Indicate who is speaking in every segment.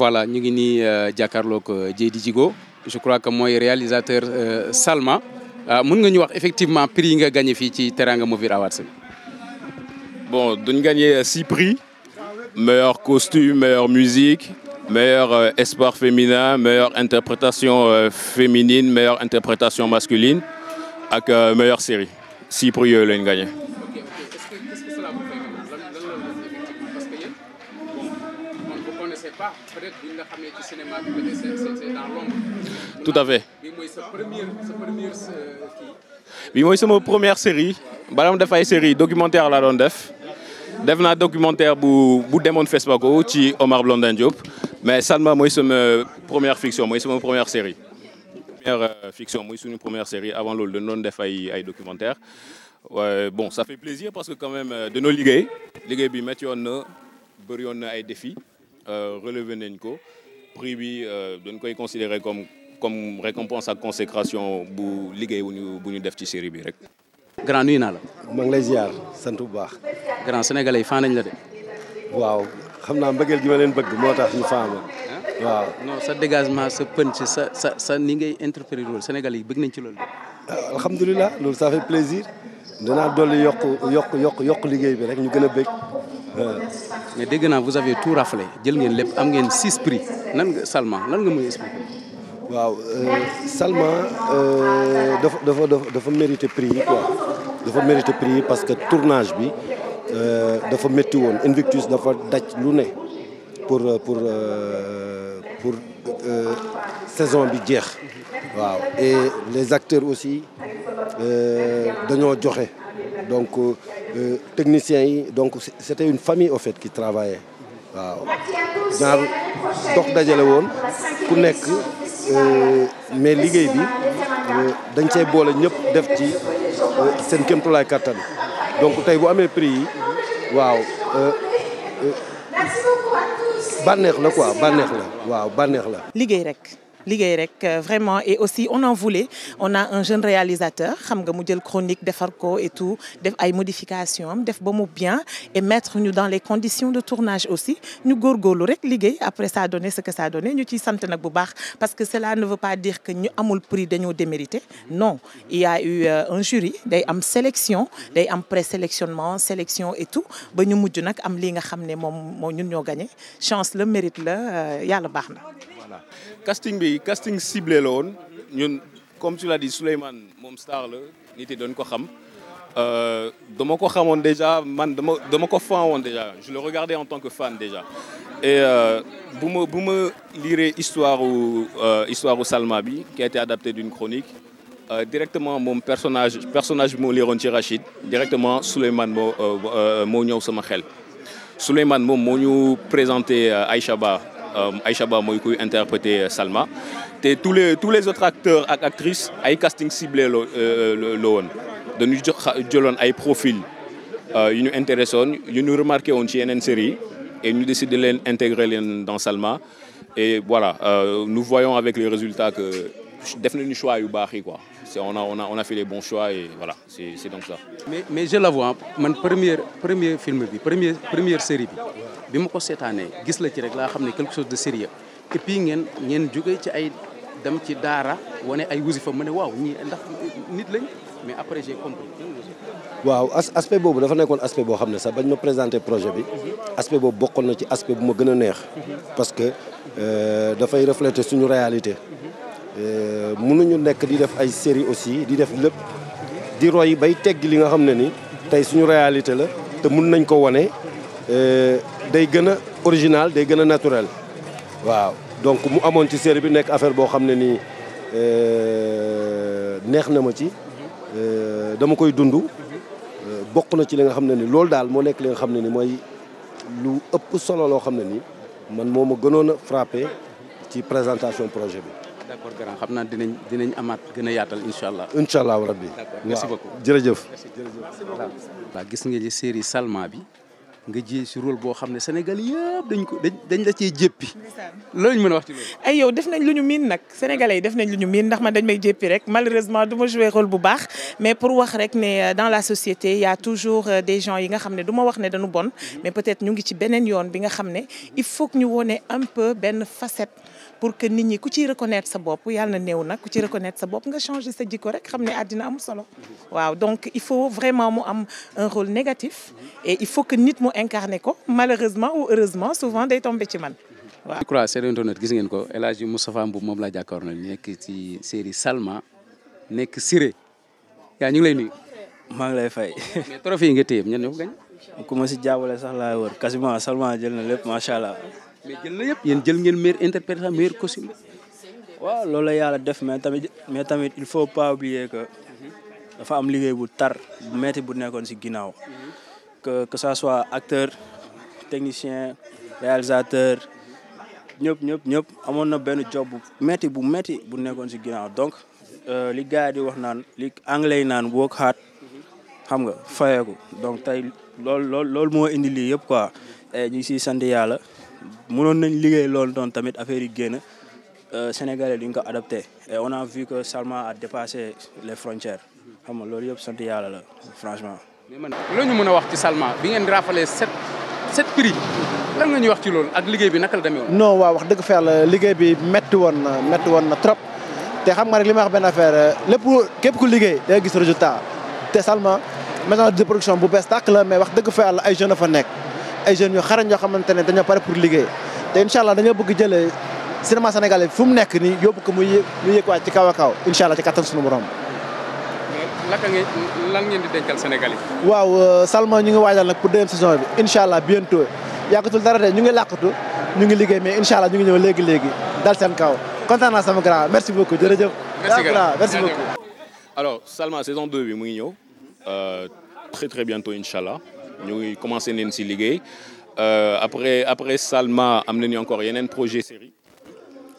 Speaker 1: voilà ñu ngi nii euh, jàkkaarloog euh, Dieydi Djigo je crois que mooy réalisateur euh, Salma mun nga ñu wax effectivement prix yi nga gagné fii ci Teranga Movie Awards bi bon dañu gagné six prix meilleur
Speaker 2: costume meilleure musique meilleur euh, espoir féminin meilleure interprétation euh, féminine meilleure interprétation masculine ak euh, meilleure série six prix yooyu lañ gagné peut-être bu ñu à fait.
Speaker 1: bii mooy sa première sa première euh,
Speaker 2: mooy sama première série. bala def ay série documentaire la doon def. def naa documentaire bu bu demoon Fespaco ci Omar Blondin Diop mais Salma mooy sama première fiction mooy sama première série. première euh, fiction mooy suñu première série avant loolu dañu doon def ay ay documentaire ouais, bon ça fait plaisir parce que quand même euh, dañoo liggéey liggéey bi métti woon na bëri woon na ay défis Euh, relevé nañ ko prix bi euh, dañ koy considérer comme comme récompense ak consécration bu liggéey bu ñu def ci série bi rek. grand nuyu naa la.
Speaker 3: maa ngi lay ziar sant bu baax.
Speaker 1: grand sénégalais yi faa nañ la de. waaw xam naa mbëggeel gi ma leen bëgg moo tax ñu faa ma waaw non sa dégagement sa punch sa sa sa ni ngay interpréter loolu sénégalais yi bëgg nañ ci lool de.
Speaker 3: Euh, alhamdulilah loolu ça fait plaisir. danaa dolli yokk yokk yokk yokk liggéey bi rek ñu gën a bëgg Euh,
Speaker 1: mais dégg naa vous avez tout raflé jël ngeen lépp am ngeen six prix nan nga Salma
Speaker 3: lan nga muy expliquer. waaw euh, Salma euh, dafa dafa dafa prix yi quoi dafa mérité prix yi parce que tournage bi dafa métti woon Invictus dafa daj lu ne pour pour saison bi jeex. waaw et les acteurs aussi dañoo joxe. donc euh, euh, techniciens yi donc c'était une famille au fait qui travaillait waaw genre dox dajale woon ku nekk euh, mais liggéey bi euh, dañ cee boole ñëpp def ci seen kéemtulaay kattan donc tey bu amee prix yi waaw bànneex la ko bànneex la waaw bànneex la.
Speaker 4: liggéey rek. liggéey rek euh, vraiment et aussi on en voulait on a un jeune réalisateur xam nga mu jël chronique defar ko et tout def ay modification def ba mu bien et mettre ñu dans les conditions de tournage aussi ñu góorgóorlu rek liggéey après ça a donné ce que ça a donné ñu ciy sant nag bu baax parce que cela ne veut pas dire que ñu amul prix dañoo démérité non il y a eu euh, un jury day am sélection day am présélectionnement sélection et tout ba ñu mujj nag am li nga xam ne moom moo ñun ñoo gagné chance la mérite la euh, yàlla baax na
Speaker 2: voilà casting bi casting ciblé la woon ñun comme tu l'as dit Souleymane moom star la nit doon ko xam euh, dama ko xamoon déjà man dama dama ko fan woon déjà je le regardais que fan déjà et euh, bu ma bu ma lire histoire u euh, histoire u bi qui a été adaptée d'une chronique directement moom personnage personnage bi moo leeroon ci Rachid directement Souleymane moo moo ñëw sama xel Souleymane moom moo ñu présenté Aïcha Ba Euh, Aïcha Ba mooy kuy interpréter euh, Salma te tous les tous les autres acteurs ak actrices ay casting ciblé la euh, la woon dañu jox jëloon ay profil yu ñu intéressé woon yu ñu remarqué woon ci yeneen série et ñu décidé leen intégrer leen dans Salma et voilà nous voyons avec les résultats que def nañu choix yu baax yi quoi. on a, on, a, on
Speaker 1: Mais, mais je la vois, mon premier, premier film, première, première série, bi ma ko seetaanee gis la ci rek laa xam ne quelque chose de sérieux et puis ngeen ngeen jógee ci ay dem ci daara wane ay wasifa ma ne waaw ñii ndax nit lañ mais après j'ai compris.
Speaker 3: waaw as aspect boobu dafa nekkoon aspect boo xam ne sax bañ ma présenter projet bi aspect boobu bokkoon na ci aspect bu ma gën a neex parce que euh, dafay refléter suñu réalité. Euh, mënuñu nekk di def ay série aussi di def lépp di roy bay tegg li nga xam ne ni tey suñu réalité la te mun nañ ko wane euh, day gën a original day gën a naturel waaw donc mu amoon ci série bi nekk affaire boo xam ne nii euh, neex na ma ci euh, dama koy dund bokk na ci li nga xam ne ni loolu daal moo nekk li nga xam ne ni mooy lu ëpp solo loo xam ne nii man moo ma gënoon a frappé ci présentation projet bi
Speaker 1: d' accord grand xam naa dinañ dinañ amaat gën a yaatal incha allah. incha allah rabbi d' accord merci beaucoup jërëjëf. waaw gis nga ci série Salma bi nga ji si rôle boo xam ne Sénégal yëpp dañ ko dañ la cee jéppi. loolu ñu mën a wax ci loolu. ay yow def nañ lu ñu miin nag sénégalais yi def nañ lu ñu miin
Speaker 4: ndax man dañ may jéppi rek malheureusement du ma joué rôle bu baax mais pour wax rek ne euh, dans la société y' a toujours euh, des gens yi nga xam ne du ma wax ne dañu bon mhm. mais peut-être ñu ngi ci beneen yoon bi nga xam ne il faut que ñu wone un peu benn facette. pour que nit ñi ku ci reconnaître sa bopp yàlla na néew nag ku ci reconnaître sa bopp nga changer sa jikko rek xam ne àddina am solo waaw donc il faut vraiment mu am un rôle négatif et il faut que nit mu incarner ko malheureusement ou heureusement souvent day tomber ci man
Speaker 1: waaw. je crois seen internet gis ngeen ko El Hadji Moustapha Mboup moom laa jàkkaarloo nekk ci série Salma nekk Siré yaa ñu ngi lay nuyu. maa ngi lay fay.
Speaker 5: mais trophée yi nga téye ñan ñoo ko gañ. ku ma si jàppale sax laa wër quasiment Salma jël na lépp macha allah.
Speaker 1: mais jël na yéen jël ngeen meilleur interprétation meilleur costume.
Speaker 5: waaw loolu la yàlla def mais tamit mais tamit il faut pas oublier que dafa am liggéey bu tar bu metti bu nekkoon si ginnaaw que que ça soit acteur technicien réalisateur ñëp ñëpp ñëpp amoon na benn job bu metti bu metti bu nekkoon si ginnaaw donc euh, li gars yi di wax naan li anglais yi naan work hard xam nga fayeeku donc tey loolu loolu moo indi lii yëpp quoi ñu ngi ciy sant yàlla mënoon nañ liggéey loolu doon tamit affaire yi génn euh, Sénégalais duñ ko adopté et on a vu que Salma a dépassé les frontières xam nga loolu yëpp sant yàlla la franchement.
Speaker 1: mais man loo ñu mën a wax ci Salma bi ngeen rafale sept sept prix lan wax ci lool ak liggéey bi naka la demee
Speaker 6: woon. waaw wax dëgg fa liggéey bi métti woon na woon na trop te xam nga rek li ma wax benn affaire lépp képp ku liggéey da nga gis résultat te Salma maison de production bu bees tàkk la mais wax dëgg fa ay jeunes fa nekk. ay jeunes yu xarañ yoo xamante ne dañoo pare pour liggéey te incha allah dañoo bëgg jëlee cinéma sénégalais fu mu nekk nii yóbbu ko muy yë muy ci kaw a kaw incha allah ci kattan suñu borom.
Speaker 1: naka ngeen lan ngeen dencal sénégalais.
Speaker 6: waaw euh, Salma ñu ngi waajal nag pour deuxième saison bi incha allah bientôt yàggatul dara de ñu ngi làqatu ñu ngi liggéey mais incha allah ñu ngi ñëw léegi léegi dal seen kaw kontaan naa grand merci beaucoup jërëjëf. merci grand merci
Speaker 2: Salma saison 2 bi mu ñëw euh, très très bientôt allah ñu ngi commencé neen si liggéey euh, après après Salma am nañu encore yeneen projet série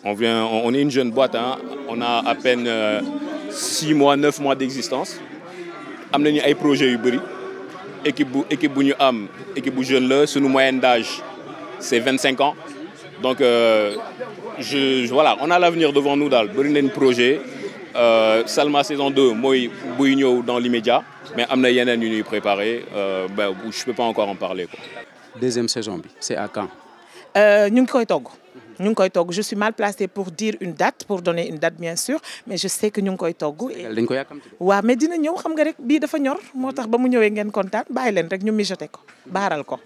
Speaker 2: on vient on est une jeune boîte hein on a à euh, six mois neuf mois d'existence am nañu ay projets yu bëri équipe bu équipe bu ñu am équipe bu jeune la suñu moyenne d'âge c'est vingt cinq ans donc euh, je voilà on a l'avenir devant nous daal bëri nañ projet Euh, Salma saison 2 mooy buy ñëw dans l'immédiat mais am na yeneen yu ñuy préparé euh, ba je peux pas encore en parler quoi.
Speaker 1: deuxième saison bi c'est à quand.
Speaker 4: Euh, ñu ngi koy togg. ñu ngi koy togg je suis mal placée pour dire une date pour donner une bien sûr mais je sais que ñu ngi koy togg. dañ ko yàkkamti. waaw mais dina ñëw xam nga rek bii dafa ñor moo tax ba mu ñëwee ngeen kontaan bàyyi leen rek ñu mijoté ko baaral ko.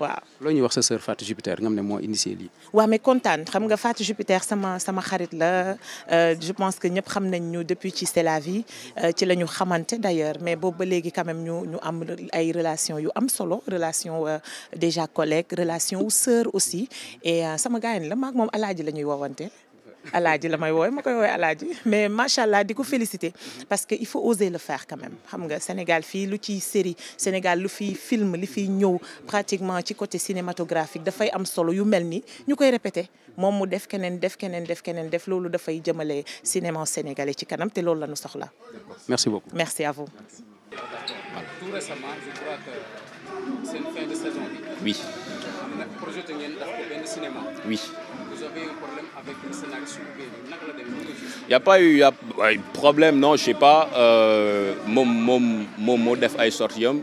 Speaker 1: waaw loo ñuy wax sa sœur Fatou Jupiter ngam ne moo initié lii.
Speaker 4: waaw mais kontaan xam nga Fatou Jupiter sama sama xarit la euh, je pense que ñëpp xam nañ ñu depuis ci C'est la vie euh, ci la ñu xamante d'ailleurs mais boobu ba léegi quand même ñu ñu am ay relation yu am solo relation euh, déjà collègue relation sœur aussi et sama gars la maak moom alaaji la ñuy woowante. alaaji la may wooy ma koy wooy alaaji mais macha allah di ko féliciter parce que il faut oser le faire quand même xam nga Sénégal fii lu ciy série Sénégal lu fiy film li fiy ñëw pratiquement ci côté cinématographique dafay am solo yu mel ni ñu koy répéter moom mu def keneen def keneen def keneen def loolu dafay jëmale cinéma sénégalais ci kanam te loolu la ñu soxla.
Speaker 1: merci beaucoup merci à projeté ngeen def ko
Speaker 2: y' pas eu y' a ay problème non je sais euh, moom moom moom moo def ay sorties yam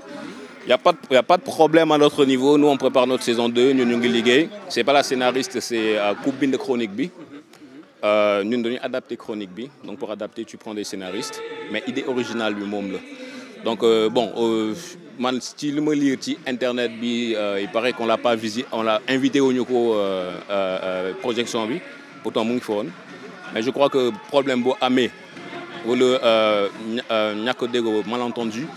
Speaker 2: y' a pas de, y' a pas problème à notre niveau nous on prépare notre saison de ñun ñu ngi liggéey c' est pas la scénariste c' est ku euh, bind chronique bi. Euh, ñun dañuy adapter chronique bi donc pour adapter tu prends des scénaristes mais idée originale bi moom la donc euh, bon. Euh, man ci li ma liir ci internet bi euh, il paraît qu'on l'a pas visité on l'a invité wuñu ko euh, euh, projection bi pourtant mu ngi fa mais je crois que problème bu amee wala ñàkk déggoo malentendu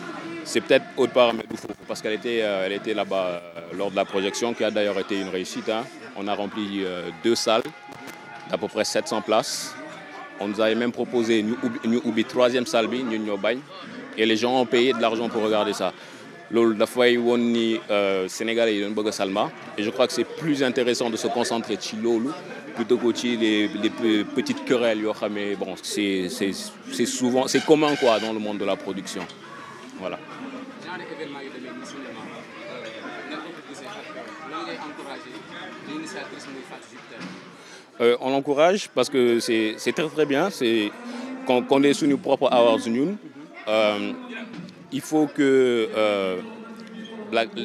Speaker 2: c'est peut-être autre paramètre du foofu parce qu'elle était elle était là-bas lors de la projection qui a d'ailleurs été une réussite hein. on a rempli deux salles d'à peu près 700 places on nous avait même proposé ñu ubbi ñu ubbi troisième salle bi ñun ñoo bañ et les gens ont payé de l'argent pour regarder ça loolu dafay woon ni euh, Sénégalais yi doon bëgg a Salma et je crois que c'est plus intéressant de se concentrer ci loolu plutôt que ci les les petites querelles yoo xam ne bon c'est c'est souvent c'est commun quoi dans le monde de la production voilà. Euh, on parce que c'est c'est très très bien c'est qu'on est suñu propre awards ñun. Euh, il faut que euh,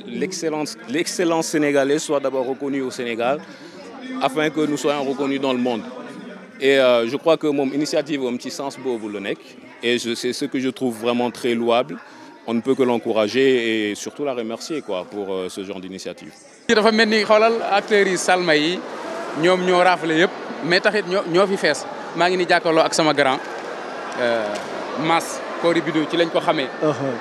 Speaker 2: l'excellence l'excellence sénégalaise soit d'abord reconnue au Sénégal afin que nous soyons reconnus dans le monde et euh, je crois que moom initiative am ci sens boobu la nekk et c'est ce que je trouve vraiment très louable on ne peut que l'encourager et surtout la remercier pour euh, ce genre d'initiative
Speaker 1: dafa ni xoolal acteurs yi Salma yi ñoom ñoo raafale yëpp mais taxit ñoo fi fees maa ngi ni jàkkaarloo ak sama grand euh, Mass koori ci lañ ko xamee. Uh-huh.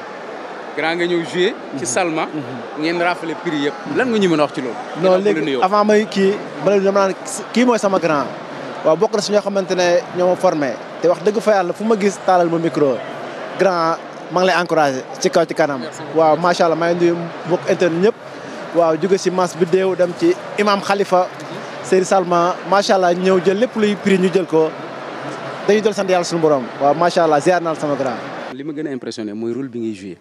Speaker 1: grand nga ñëw joué. ci uh-huh. Salma. Uh-huh. ngeen rafale prix yëpp. lan nga ñu a wax ci loolu. non léegi avant
Speaker 6: may kii bala dama naan kii mooy sama grand. waaw bokk na si ñoo xamante ne ñoo ma formé te wax dëgg fa fu ma gis taalal ma micro grand maa ngi lay encouragé ci kaw ci kanam. waaw macha allah maa ngi nuyu mbokk internet ñëpp. waaw jóge si masse bi déew dem ci imam Khalifa. Mhm. Seydi Salma macha allah ñëw jël lépp luy prix ñu jël ko. dañuy doon sant yàlla suñu borom waaw macha allah ziar naa sama grand.
Speaker 1: li ma gën a impressionné mooy rôle bi ngi joué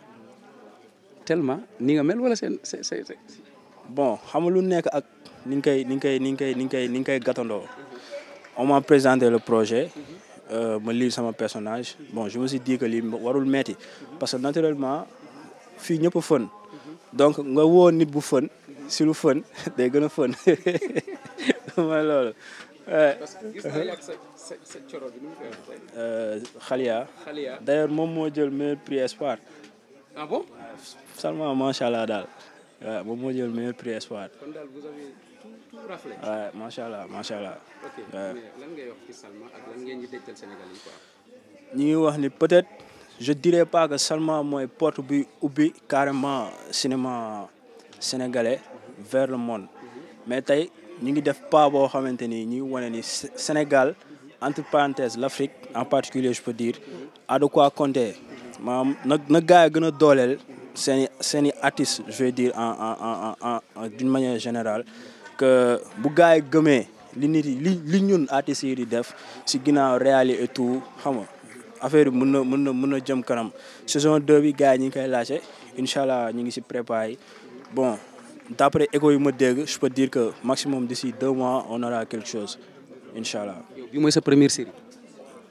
Speaker 1: tellement ni nga mel wala seen bon xam lu nekk ak ni nga koy ni nga koy
Speaker 5: ni nga koy ni nga koy ni nga koy gàttandoo on m'a présenté le projet. Euh, ma lire sama personnage bon je me suis dit que lii warul metti parce que naturellement fii ñëpp fën donc nga woo nit bu fën si lu fën day gën a fën mooy loolu Xalia. Euh, Xalia d'ailleurs moom moo jël meilleur prix espoir. ah bon. seulement macha allah daal waaw moom moo jël meilleur prix espoir. kon macha allah macha allah. ok lan
Speaker 1: ngay wax Sénégal yi
Speaker 5: ñu ngi wax ni peut-être je dirais pas que Salma mooy porte bi ubbi carrément cinéma sénégalais vers le monde mhm. mais tey. ñu ngi def pas boo xamante ni ñu ngi wane ni Sénégal entre parenthèses l'Afrique en particulier je peux dire a de quoi compter maanaam na na gars gën a dooleel seen i seen i artistes je veux dire en en en en d'une manière générale que bu gars yi gëmee li nit li li ñun artistes yi di def si ginnaaw réali et tout xam nga affaire bi mën na mën na mën na jëm kanam saison 2 bi gars yi ñu ngi koy laajte incha allah ñu ngi si préparé bon. d'après écho yu ma dégg je peux dire que maximum d'ici deux mois on aura quelque chose incha allah. bi mooy sa première série.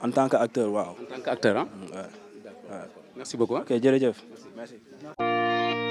Speaker 5: en tant que acteur
Speaker 1: waaw. en tant que acteur ah. waaw. merci beaucoup ok jërëjëf. merci.